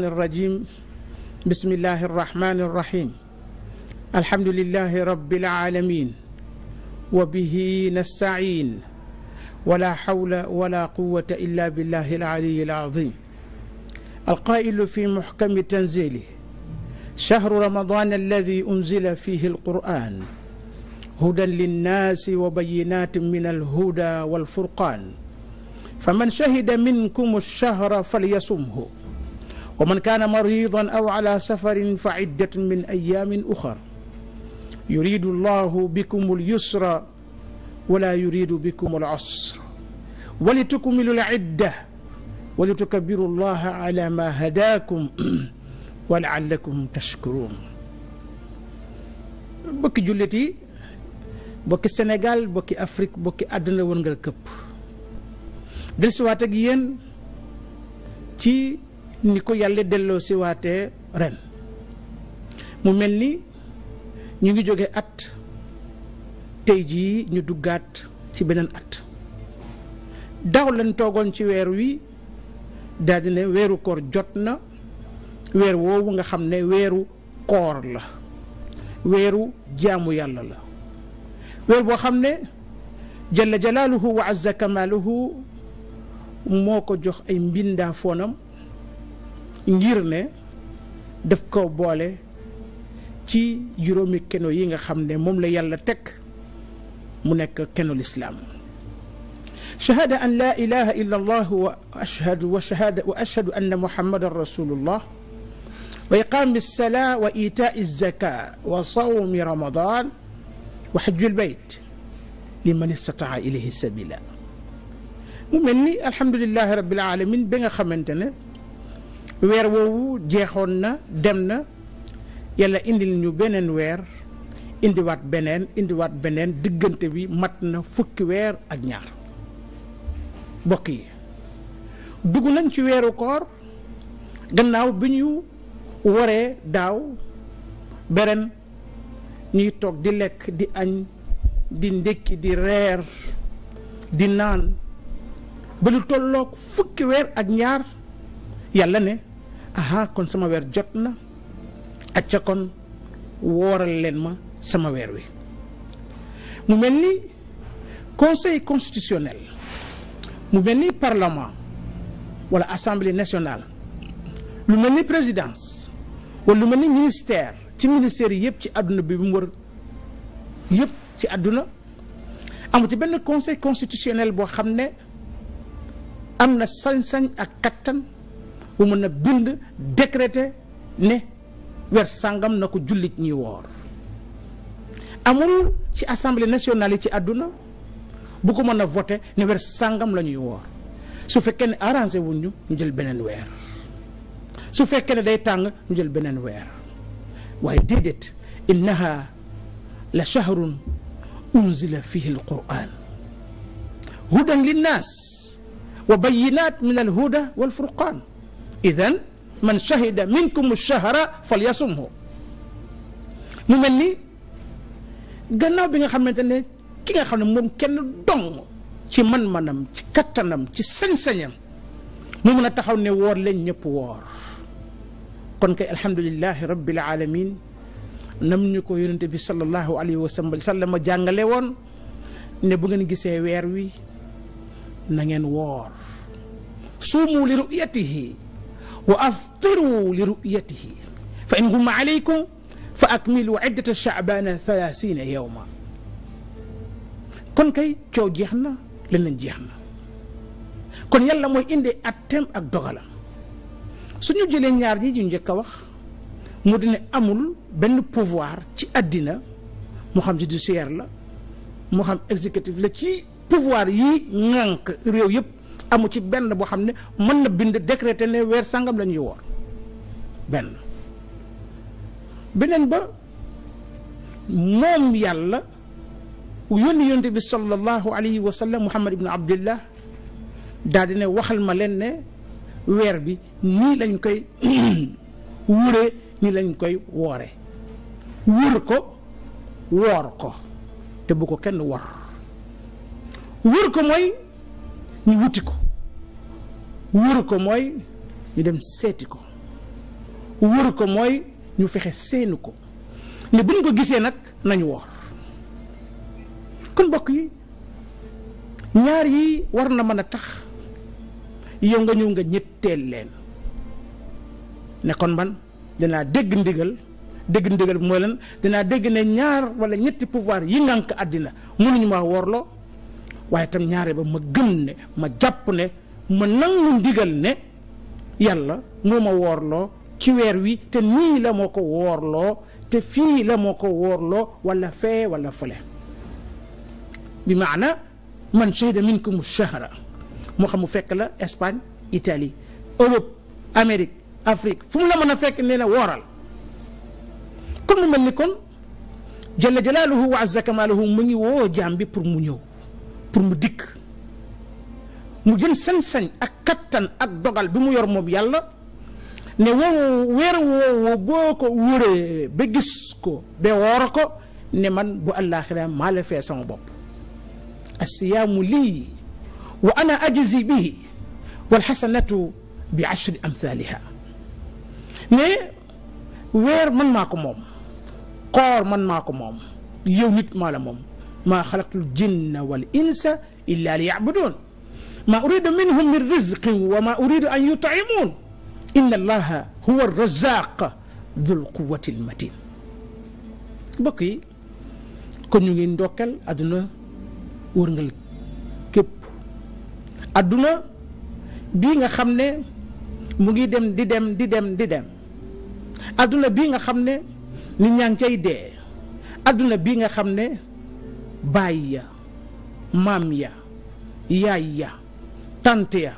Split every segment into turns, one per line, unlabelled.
الرجيم بسم الله الرحمن الرحيم الحمد لله رب العالمين وبه نستعين ولا حول ولا قوة إلا بالله العلي العظيم القائل في محكم تنزيله شهر رمضان الذي أنزل فيه القرآن هدى للناس وبينات من الهدى والفرقان فمن شهد منكم الشهر فليصمه wa man kaana maridan aw ala safarin fa iddatun min ayaamin uxar yuridu llahu bikum alyusra wala yuridu bikum alasr wa litukmilu alidda wa litukabiru llaha ala ma hadaakum wa laallakum tashkuruun bokki jullit yi bokki Sénégal bokki Afrique bokki àdduna wërngal këpp dellusiwaat ak yéen ci ni ko yàlla delloo si waatee ren mu mel ni ñu ngi jóge at tey jii ñu duggaat ci beneen at daaw lañ toogoon ci weer wi daldi ne weeru koor jot na weer woowu nga xam ne weeru koor la weeru jaamu yàlla la weer boo xam ne jalla jalaaluhu wa azza kamaaluhu moo ko jox ay mbindaa ngir ne daf ko boole ci juróomi keno yi nga xam ne moom la yàlla teg mu nekk keno lislaam shahada an laa ilaha illa allah wa ashhadu wa shahada wa ashhadu anna muhammadan rasulullah wa iqaami salaa wa itaai zaka wa sawmi ramadan wa xajjul bayt liman istataa ilayhi sabila mu mel ni alhamdulilahi rabil alamin ba nga xamante ne weer woowu jeexoon na dem na yàlla indil ñu beneen weer indiwaat beneen indiwaat beneen diggante bi mat na fukki weer ak ñaar mbokk yi dugg nañ ci weeru koor gannaaw bi ñu waree daaw beren ñuy toog di lekk di añ di ndékki di reer di naan ba lu tolloog fukki weer ak ñaar yàlla ne aha kon sama weer jot na ak ca kon wooral leen ma sama weer wi mu mel ni conseil constitutionnel mu mel ni parlement wala assemblée nationale lu mel ni présidence wala lu mel ni ministère ci ministères yi yëpp ci àdduna bi mu wër yëpp ci àdduna amu ci benn conseil constitutionnel boo xam ne am na sañ-sañ ak kattan bu mën a bind décréter ne weer sàngam na ko jullit ñi woor amul ci assemblée nationale yi ci àdduna bu ko mën a voter ne weer sàngam la ñuy woor su fekkee ne arrangé wuñ ñu jël beneen weer su fekkee ne day tàng ñu jël beneen weer waaye déedéet innaha la shahrun unzila fihi alquran hudan linnaas wa bayinat min alhuda walfurqan idan man shahida minkum shahra falyasumhu mu mel ni gannaaw bi nga xamante ne ki nga xam ne moom kenn dong ci man-manam ci kattanam ci sañ-sañam mu mën a taxaw ne woor leen ñépp woor kon kay alhamdulilahi rabbil alamin nam ñu ko yonente bi sallallahu alayhi wa sallam jàngale woon ne bu ngeen gisee weer wi na ngeen woor suumu li ru'yatihi wa aftiru li ru'yatihi fa in gumma ko fa ak akmilu iddata chaabana thalathina yowma kon kay coow jeex na leneen jeex na kon yàlla mooy indee at atteem ak su suñu jëlee ñaar ñi ñu njëkk a wax mu dina amul benn pouvoir ci àddina mu xam judiciaire la mu xam exécutif la ci pouvoir yi ŋànk réew yëpp amu ci benn boo xam ne mën na bind décréter ne weer sangam lañuy ñuy woor benn beneen ba moom yàlla yónni yonte bi sallallahu alayhi wa sallam muhammad ibn abdillah daal di ne waxal ma leen ne weer bi nii lañ koy wuree nii lañ koy woore wër ko woor ko te bu ko kenn wor wër ko mooy ñu wuti ko wër ko mooy ñu dem seeti ko wër ko mooy ñu fexe seeni ko ne bu ñu ko gisee nag nañu woor kon mbokk yi ñaar yi war na mën a tax yow nga ñëw nga ñetteel leen ne kon man danaa dégg ndigal dégg ndigal bi mooy lan danaa dégg ne ñaar wala ñetti pouvoir yi ngànk àddina mënuñu maa woorloo waaye tam ñaare ba ma gëm ne ma jàpp ne ma nangu ndigal ne yàlla moo ma woorloo ci weer wi te nii la moo ko woorloo te fii la moo ko woorloo wala fee wala fële bi maana man shahida minkum shahra moo xam mu fekk la Espagne Italie Europe Amérique Afrique fu mu la mën a fekk ne na wooral kon mu mel ni kon jalla jalaaluhu wa azza kamaaluhu mu ngi woo jaam bi pour mu ñëw pour mu dikk mu jël sañ-sañ ak kattan ak dogal bi mu yor moom yàlla ne woowu weer woowu boo ko wëree ba gis ko ne man bu àllaaxira maa la fee sama bopp asiyaamu lii wa ana ajzi bihi wal xasanatu bi ashri amthaliha ne weer man maa ko moom koor man maa ko moom yow nit maa la moom maa xalaqtul jinna wal insa illa li yacbuduun ma uridu minhum min rizqin wa ma uridu an yut'imun inna allaha huwa arrazaq dhul quwati almatin mbokk yi kon ñu ngi ndokkal àdduna wërngal képp àdduna bii nga xam ne mu ngi dem di dem di dem di dem àdduna bi nga xam ne nit ñaa ngi cay dee àdduna bi nga xam ne baay ya maam ya yaay tant ya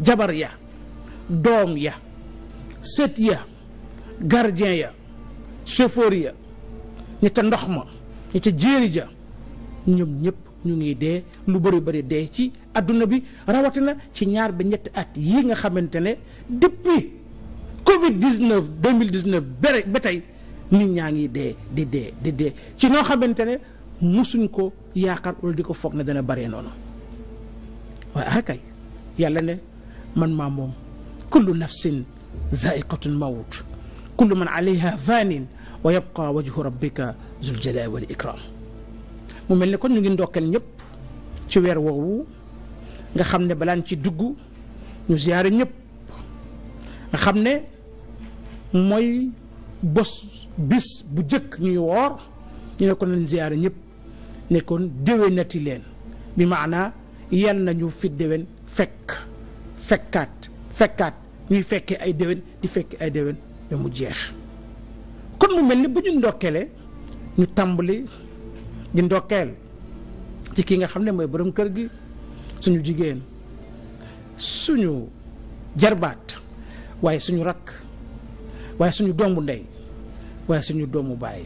jabar ya doom ya sët ya gardien ya chauffeur ya ñi ca ndox ma ñi ca jéeri ja ñoom ñëpp ñu ngi dee lu bëri bëri dee ci adduna bi rawatina ci ñaar ba ñetti at yi nga xamante ne depuis Covid 19 2019 bere ba tey nit ñaa ngi dee di dee di dee ci noo xamante ne musuñ ko yaakaar wala di ko foog na dana bëree noonu. waa akay ah yàlla ne man maa moom kullu nafsin zaiqatul mawt kullu man alayha fanin wa yabqa wajhu rabbika zul jalali wal ikram mu mel ne kon ñu ngi ndokkeel ñëpp ci weer woowu nga xam ne balaan ci dugg ñu ziyaare ñëpp nga xam ne mooy bos bis bu jëkk ñuy woor ñu ne ko nañ ziyaare ñëpp ne kon déwénati leen bi maanaa yan nañu fit déwén fekk fekkaat fekkaat ñuy fekkee ay déwén di fekkee ay déwén ba mu jeex kon mu mel ni bu ñu ndokkeele ñu tàmbali di ndokkeel ci ki nga xam ne mooy borom kër gi suñu jigéen suñu jarbaat waaye suñu rakk waaye suñu doomu ndey waaye suñu doomu baay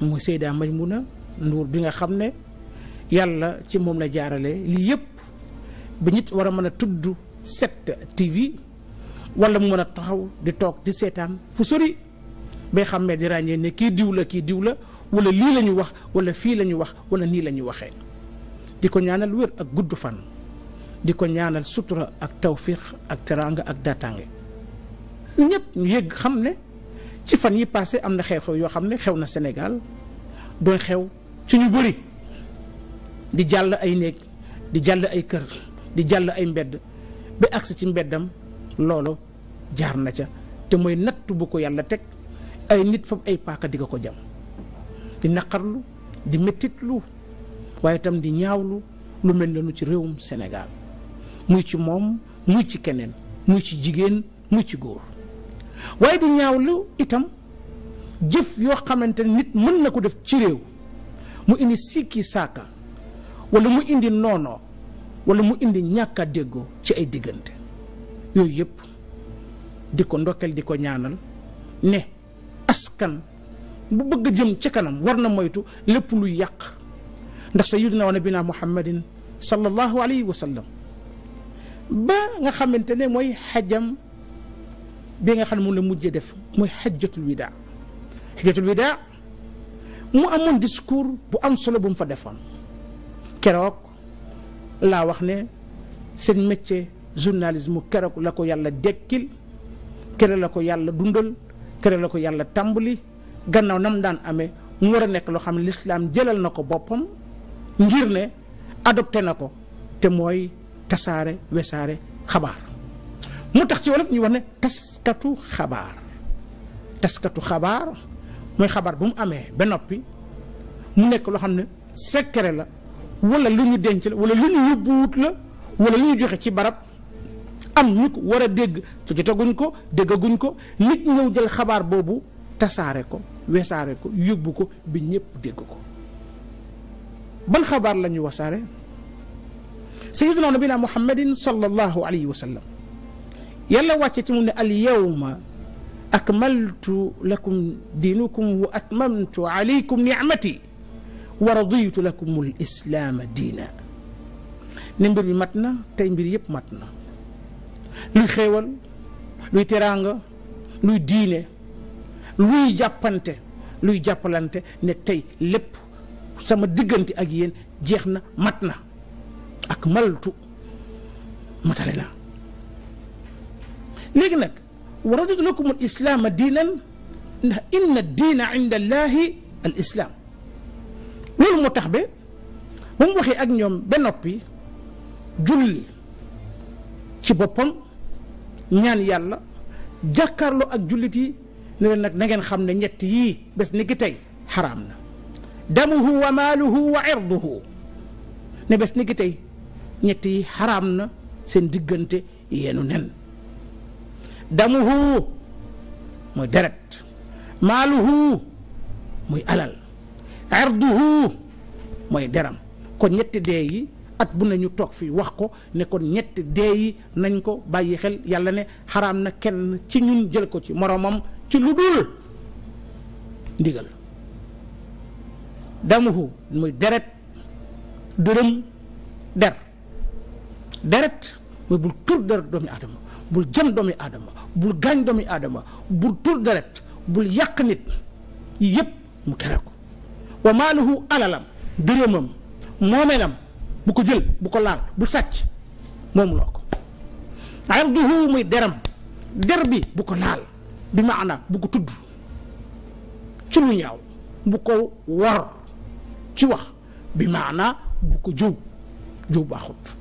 muy Seyda a Nduur bi nga xam ne yàlla ci moom la jaarale lii yëpp bi nit war a mën a tudd 7TV wala mu mën a taxaw di toog di seetaan fu sori bay xàmmee di ràññee ne kii diw la kii diw la wala lii lañuy wax wala fii la ñu wax wala nii lañuy waxee di ko ñaanal wér ak gudd fan di ko ñaanal sutura ak tawfiix ak teraanga ak daataange ñu ñëpp ñu yëgg xam ne ci fan yi passé am na xew-xew yoo xam ne xew na senegal doon xew ci ñu bëri di jàll ay néeg di jàll ay kër di jàll ay mbedd ba agsi ci mbeddam loolu jaar na ca te mooy natt bu ko yàlla teg ay nit fab ay paaka di ko jam di naqarlu di mettitlu waaye itam di ñaawlu lu mel noonu ci réewum senegaal muy ci moom muy ci keneen muy ci jigéen muy ci góor waaye di ñaawlu itam jëf yoo xamante nit mën na ko def ci réew mu indi sikki saaka wala mu indi noonoo wala mu indi ñàkk a déggoo ci ay diggante yooyu yëpp di ko ndokkeel di ko ñaanal ne askan bu bëgg jëm ci kanam war na moytu lépp luy yàq ndax sayyidina wa nabina muhammadin sallallahu alayhi wa sallam ba nga xamante ne mooy xajam bi nga xam ne moom la mujjee def mooy xajjatul widaa xajjatul widaa mu amoon discours bu am solo bu mu fa defoon keroog laa wax ne seen métier journalisme keroog la ko yàlla dekkil keroog la ko yàlla dundal keroog la ko yàlla tàmbali gannaaw na mu daan amee mu war a nekk loo xam ne lislaam jëlal na ko boppam ngir ne adopté na ko te mooy tasaare wesaare xabaar mu tax ci wolof ñu wax ne taskatu xabaar taskatu xabaar muy xabaar bu mu amee ba noppi mu nekk loo xam ne secret la wala lu ñu denc la wala lu ñu yóbbuwut la wala lu ñu joxe ci barab am ñu ko war a dégg te jotaguñ ko déggaguñ ko nit ñëw jël xabaar boobu tasaare ko wesaare ko yóbbu ko bi ñëpp dégg ko ban xabaar la ñu wasaare sayyiduna nabina muhammadin sallallahu alayhi wa sallam yàlla wàcce ci mu ne al yawma akmaltu lakum diinukum wa atmamtu alaykum ni'mati wa raditu lakumul islaama diina ne mbir bi mat na tey mbir yëpp mat na luy xéewal luy teraanga luy diine luy jàppante luy jàppalante ne tey lépp sama diggante ak yéen jeex na mat na ak maltu matale na léegi nag wa raditu lakumul islaama diinan ndax inna diina inda al islam loolu moo tax ba ba mu waxee ak ñoom ba noppi julli ci boppam ñaan yàlla jàkkaarloo ak jullit yi ne leen nag xam ne ñett yii bés ni ki tey xaraam na damuhu wa maaluhu wa irduhu ne bés ni ki tey ñett yi xaraam na seen diggante yeenu nen damuhu muy deret maaluhu muy alal arduhu mooy deram kon ñetti dee yi at bu nañu toog fii wax ko ne kon ñetti dee yi nañ ko bàyyi xel yàlla ne xaraam na kenn ci ñun jël ko ci moroomam ci lu dul ndigal damuhu muy deret dërëm der deret mooy bul tur deret doomu aadama bul jëm doomu aadama bul gaañ doomu aadama bul tur deret bul yàq nit yi yëpp mu tere ko wa maaluhu alalam dërëmam moomeelam bu ko jël bu ko laal bu sàcc moom loo ko arduhu muy deram der bi bu ko laal bi maana bu ko tudd ci lu ñaaw bu ko war ci wax bi maana bu ko jëw jëw baaxut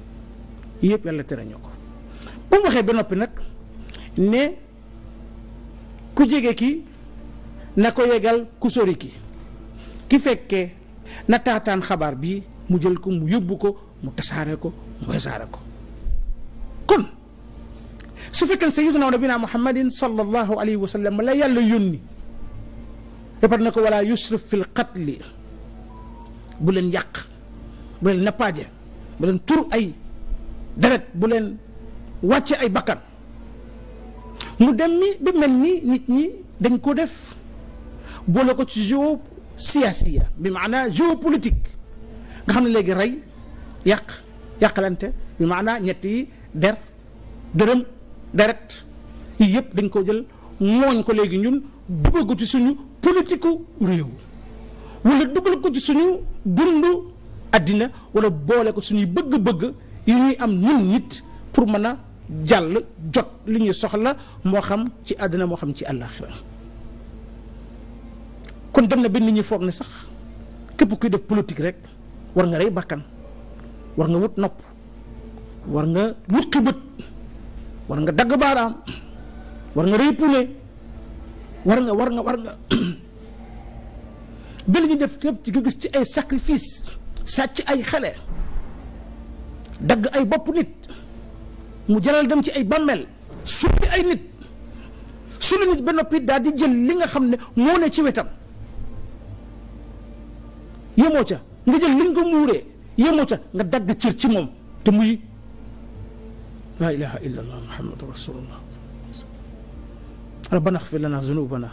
yëpp yàlla tere ñu ko ba mu waxee ba noppi nag ne ku jege ki na ko yegal ku sori ki ki fekkee na xabaar bi mu jël ko mu yóbbu ko mu tasaare ko mu wesaare ko kon su fekkee sayyiduna nabina muhammadin sallallahu alayhi wa sallam la yàlla yónni defar na ko wala yusrif fil qatli bu leen yàq bu leen nappaaje bu leen tur ay deret bu leen wàcce ay bakkan mu dem ni bi mel ni nit ñi dañ ko def boole ko ci siyaasiya bi maanaa géopolitique nga xam ne léegi rey yàq yàqalante bi maanaa ñett yi der dërëm deret yi yëpp dañ ko jël mooñ ko léegi ñun dugal ko ci suñu politique réew wala dugal ko ci suñu dund àddina wala boole ko suñuy bëgg-bëgg yi ñuy am ñun nit pour mën a jàll jot li ñuy soxla moo xam ci àddina moo xam ci àllaaxira kon dem na ba nit ñi foog ne sax képp kuy def politique rek war nga rey bàkkan war nga wut nopp war nga wuqi bët war nga dagg baaraam war nga rey pune war nga war nga war nga ba ñu def lépp ci gis ci ay sacrifice sàcc ay xale dagg ay bopp nit mu jaral dem ci ay bàmmeel sulli ay nit sulli nit ba noppi daal di jël li nga xam ne moo ne ci wetam yemoo ca nga jël liñ ko muuree yemoo ca nga dagg cër ci moom te muy laa ilaha illa allah muhammadu rasulullah rabbana axfir lana zunubana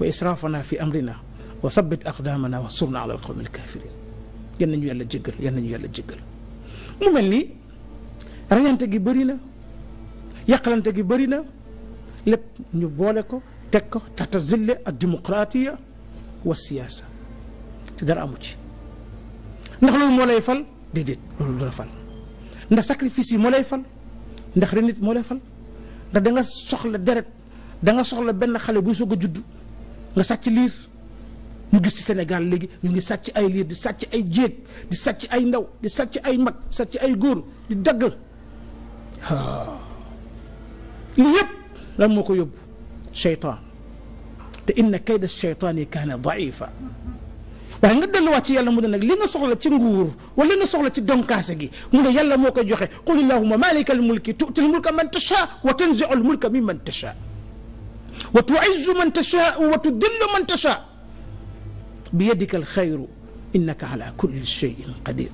wa israfana fi amrina wa sabbit aqdamana wa surna ala alqawmi alkafirin yan nañu yàlla jéggal yan nañu mu mel ni rayante gi bëri na yàqalante gi bëri na lépp ñu boole ko teg ko taxta zille ad démocratia wa siyaasa te dara amu ci ndax loolu moo lay fal déedéet loolu dara fal ndax sacrifice yi moo lay fal ndax renit moo lay fal ndax da soxla deret da soxla benn xale buy soog a judd nga sàcc liir ñu gis ci senegal léegi mu ngi sacc ay liir di sacc ay jéeg di sacc ay ndaw di sacc ay mag sàcc ay góor di dagg lii yëpp lan moo ko yóbbu seytaan te inna kayda seytaani kaana daifa waaye nga delluwaat ci yàlla mu ne nag li nga soxla ci nguur wala li nga soxla ci donkaase gi mu ne yàlla moo koy joxe qul illahuma malika al mulki tu'ti al mulka man tasha wa tanzi'u al mulka mimman tasha wa tu'izzu man tasha wa tudillu man tasha bi yadika al xayru innaka ala kulli shay'in qadir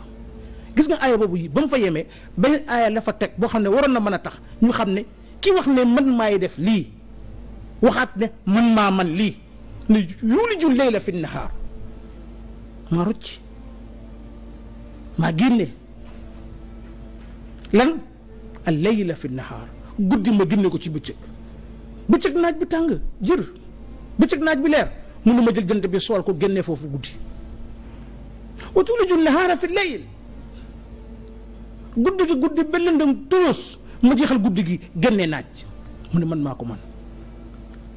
gis nga aaya boobu yi ba mu fa yemee beneen aaya la fa teg boo xam ne waroon na mën a tax ñu xam ne ki wax ne man maay def lii waxaat ne man maa man lii ne yuuliju leyla fi nnahaar ma rucc génne lan al layla fi nahaar guddi ma génne ko ci bëccëg bëccëg naaj bi tàng jër bëccëg naaj bi leer mënuma jël jant bi sool ko génne foofu guddi wa tuliju nahaara fi layl guddi gi guddi ba lëndëm tuyus ma jeexal guddi gi génne naaj mu ne man maa ko man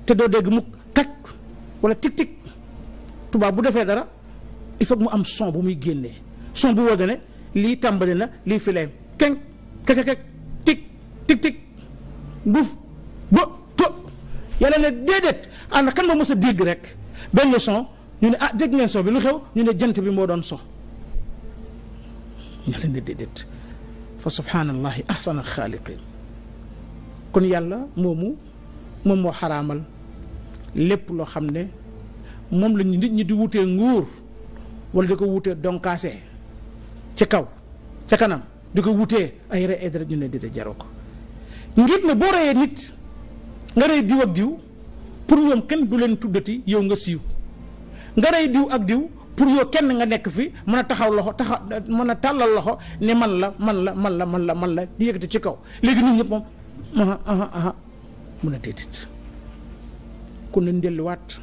te doo dégg mu takk wala tik tik tubaab bu defee dara il faut mu am son bu muy génnee son bu wóor ne lii tàmbali na lii fi lay keng keke kek tik tik tik buuf ba po yàlla ne déedéet ànd kan moo mës dégg rek benn son ñu ne ah dégg ngeen son bi lu xew ñu ne jant bi moo doon so yàlla ne déedéet fa subhaanallahi ahsanal xaaliqin kon yàlla moomu moom moo xaraamal lépp loo xam ne moom la ñu nit ñi di wutee nguur wala di ko wutee donkaase ci kaw ca kanam di ko wutee ay rey ay deret ñu ne di de jaroo ko ngir na boo reyee nit nga rey diw ak diw pour ñoom kenn du leen tuddati yow nga siiw nga rey diw ak diw pour yow kenn nga nekk fi mën a taxaw loxo taxaw mën a tàllal loxo ne man la man la man la man la man la di ci kaw léegi nit ñëpp moom aha aha aha mun a déedéet kon nañ delluwaat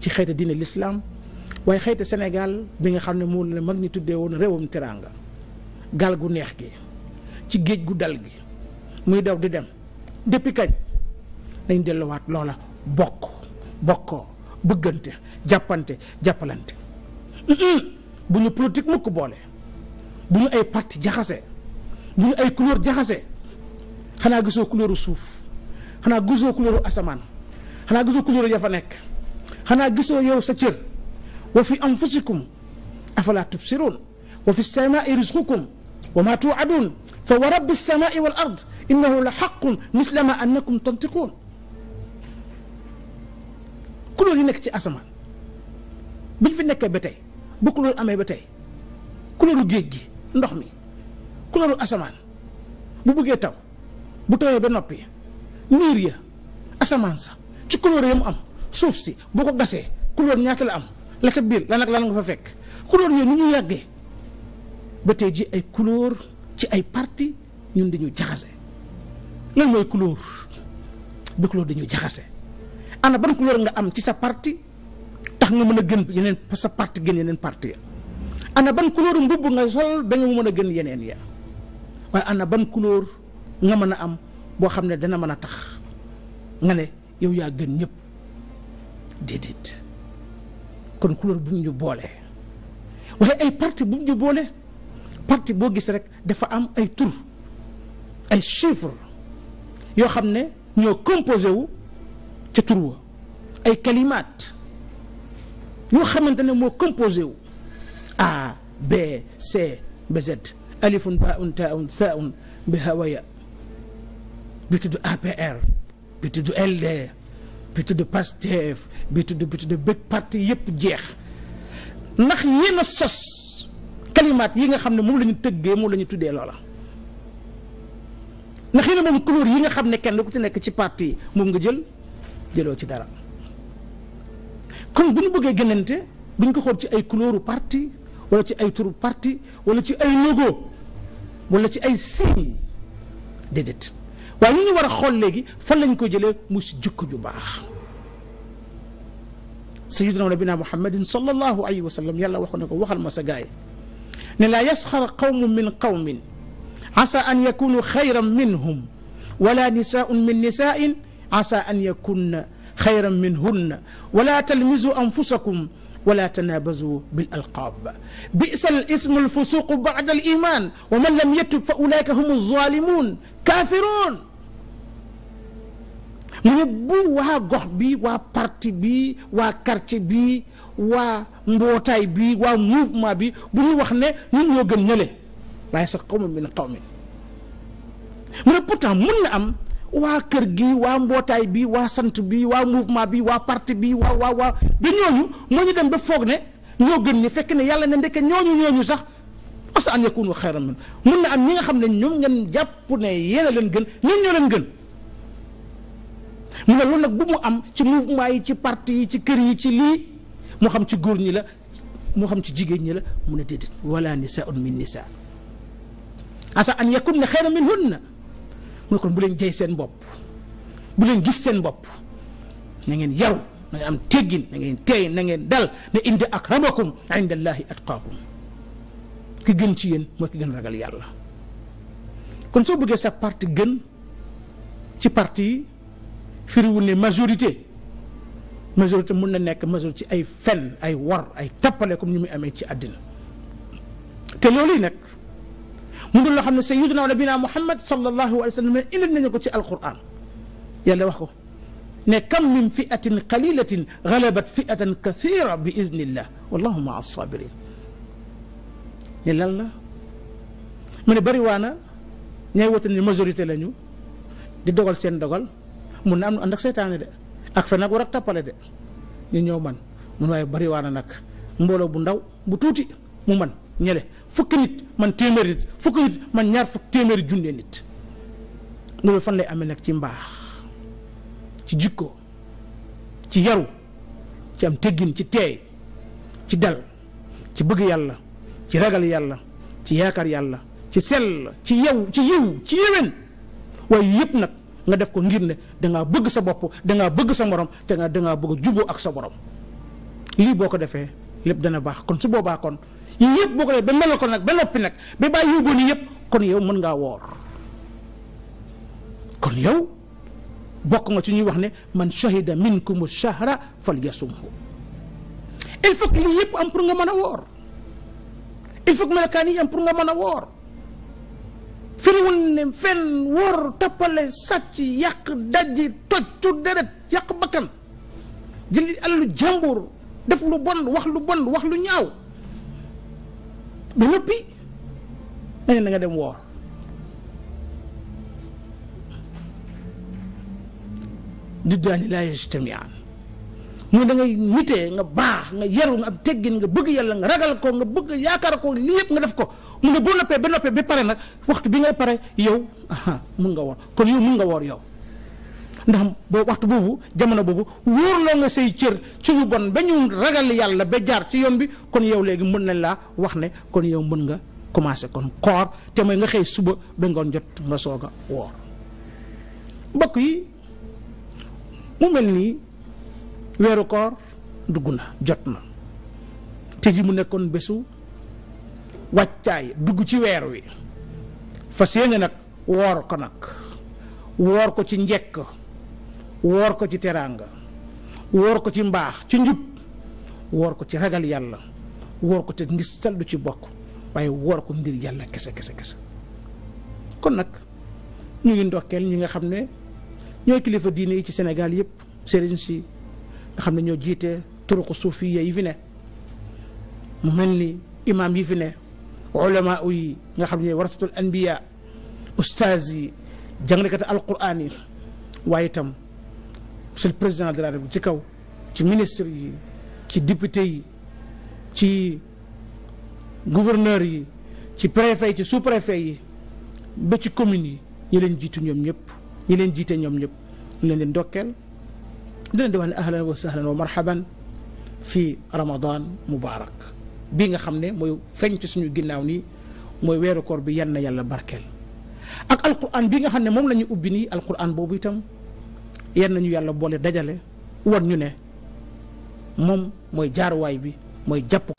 ci xeeti dina lislaam waaye xëyte Sénégal bi nga xam ne moom la mag ñi tuddee woon réewam teraanga gaal gu neex gi ci géej gu dal gi muy daw di dem depuis kañ dañ delluwaat loola bokk bokkoo bëggante jàppante jàppalante bu ñu politique mukk boole bu ñu ay parti jaxase bu ñu ay couleur jaxase xanaa gisoo couleuru suuf xanaa gisoo couleuru asamaan xanaa gisoo couleuru ya fa nekk xanaa gisoo yow sa cër wa fi anfusikum afala tubsiruun wa fi samaai risqukum wa ma tuuaduun fa wa rabbi samaai wal ard innahu la xaqun misla ma annakum tantiquun kuréel yi nekk ci asamaan biñ fi nekk ba tey bu kuréel amee ba tey kuréelu géej gi ndox mi kuréelu asamaan bu bëggee taw bu tawee ba noppi niir ya asamaan sa ci couleur yi mu am suuf si boo ko gasee couleur ñaata la am la ca lan ak lan nga fa fekk couleur yooyu nu ñu yàggee ba tey ji ay couleur ci ay parti ñun dañu jaxase lan mooy couleur bi couleur dañu jaxase ana ban couleur nga am ci sa parti tax nga mën a gën yeneen sa parti gën yeneen parti ya ana ban couleur mbubb nga sol ba mën a gën yeneen ya waaye ana ban couleur nga mën a am boo xam ne dana mën a tax nga ne yow yaa gën ñëpp déedéet kon couleur bu ñu boole waaye ay parti bu ñu boole parti boo gis rek dafa am ay tur ay chiffres yoo xam ne ñoo composé wu ca tur wa ay kalimaat yoo xamante ne moo composé wu A B C ba Z alifun baun taun thaun bi hawaya bi tudd APR bi tudd LD bi tudd Pastef bi tudd bi tudd bët parti yépp jeex ndax yéen a sos kalimaat yi nga xam ne moom lañu ñu tëggee moom la tuddee loola ndax yéen a moom couleur yi nga xam ne kenn ku ci nekk ci parti moom nga jël jëloo ci dara kon bu ñu bëggee gënante duñ ko xool ci ay couleuru parti wala ci ay turu parti walla ci ay logo wala ci ay signe déedéet waaye li ñu war a xool léegi fan lañ ko jëlee mu si jukk ju baax sayyidina nabina muhammadin sallallahu alayhi wa sallam yàlla waxu ne ko waxal ma sa gaay ne laa yasxar qawmun min qawmin asa an yakunu xayran minhum wala nisaun min nisaain asa an yakunna xayran minhunna wala talmizu anfusakum wala tanabazu bil alqaab bisa al ismu alfusuqu bada al iman wa man lam yatub fa ulaika hum alzalimun kaafiruun mu ne bu waa gox bi waa parti bi waa quartier bi waa mbootaay bi waa mouvement bi bu ñu wax ne ñun ñoo gën ñële waaye sa xaw min xawmin mu ne pourtant mun na am waa kër gi waa mbootaay bi waa sant bi waa mouvement bi waa parti bi waa waa waa ba ñooñu moo ñu dem ba foog ne ñoo gën ñi fekk ne yàlla ne ndeke ñooñu ñooñu sax asa an yakunu xayran min mun na am ñi nga xam ne ñoom ngeen jàpp ne yéen leen gën ñoom ñoo leen gën mu ne loolu nag bu mu am ci mouvement yi ci parti yi ci kër yi ci lii moo xam ci góor ñi la moo xam ci jigéen ñi la mu ne déedéet wala nisaun min nisa asa an yakunna xayran min hunna mu ne kon bu leen jey seen bopp bu leen gis seen bopp na ngeen yaru na ngeen am teggin na ngeen teey na ngeen dal ne inda akramakum inda allahi atqaakum ki gën ci yéen mooy ki gën ragal yàlla kon soo bëggee sa parti gën ci parti yi firiwul ne majorité majorité mun na nekk majorité ci ay fen ay war ay tappale comme ni muy amee ci àddina te loolu yi nag mu dul loo xam ne sayyiduna wa nabina muhammad sallallahu alayhi wa sallam indil nañu ko ci alquran yàlla wax ko ne kam min fi'atin qalilatin ghalabat fi'atan kathira bi iznillah wallahu ma'a as-sabirin ne lan la mu ne bariwaana ñay wote ni majorité lañu di dogal seen dogal mun na am ànd ak seytaane de ak fe nag war ak tappale de ñu ñëw man mun waaye bariwaana nag mbooloo bu ndaw bu tuuti mu man ñele fukki nit man téeméeri nit fukki nit man ñaar fukk téeméeri junne nit loolu fan lay amee nag ci mbaax ci jikko ci yaru ci am teggin ci teey ci dal ci bëgg yàlla ci ragal yàlla ci yaakaar yàlla ci sell ci yow ci yiw ci yéwén waaye yëpp nag nga def ko ngir ne dangaa bëgg sa bopp dangaa bëgg sa morom te nga dangaa bëgg juboo ak sa borom lii boo ko defee lépp dana baax kon su boobaa kon yii yëpp boo ko defee ba mel ko nag ba noppi nag ba bàyyi yóbgoon yi yëpp kon yow mën ngaa woor kon yow bokk nga ci ñuy wax ne man shahida minkum shahra fal yasumhu il faut lii yëpp am pour nga mën a woor il faut que yi am pour nga mën a woor firiwul ne fen wor tappale sàcc yàq dajji toj cu deret yàq bakkan jëli alalu jàmbur def lu bon wax lu bon wax lu ñaaw ba noppi dañu na nga dem woor diddaani laa yajtamiaan mooy da ngay nitee nga baax nga yaru nga am teggin nga bëgg yàlla nga ragal ko nga bëgg yaakaar ko lii nga def ko mu ne boo noppee ba noppee ba pare nag waxtu bi ngay pare yow mun nga woor kon yow mun nga woor yow ndax boo waxtu boobu jamono boobu wóorloo nga say cër ci lu bon ba ñu ragal yàlla ba jaar ci yoon bi kon yow léegi mën nañ laa wax ne kon yow mën nga commencé kon koor te mooy nga xëy suba ba ngoon jot nga soog a woor mbokk yi mu mel nii weeru koor dugg na jot na te mu nekkoon bésu wàccaay dugg ci weer wi fas yéene nag woor ko nag woor ko ci njekk woor ko ci teraanga woor ko ci mbaax ci njub woor ko ci ragal yàlla woor ko te ngis sal ci bokk waaye woor ko ngir yàlla kese kese kese kon nag ñu ngi ndokkeel ñi nga xam ne ñooy kilifa diine ci senegal yëpp sëriñ si nga xam ne ñoo jiite turuqu suufiya yi fi ne mu mel ni imaam yi fi ne ulama yi nga xam ne ñooy warasatul anbiya ustaaz yi jàngalekati alquran yi waaye itam monsieur le président de la république ci kaw ci ministre yi ci député yi ci gouverneur yi ci préfet yi ci sous préfet yi ba ci communes yi ñi leen jiitu ñoom ñëpp ñi leen jiite ñoom ñëpp ñu leen di ndokkeel di leen di wax ne ahlan wa sahlan wa marhaban fii ramadan mubarak bii nga xam ne mooy feeñ ci suñu ginnaaw nii mooy weeru koor bi yan na yàlla barkeel ak alquran bi nga xam ne moom la ubbi nii alquran boobu itam yan nañu yàlla boole dajale wan ñu ne moom mooy jaaruwaay bi mooy jàpp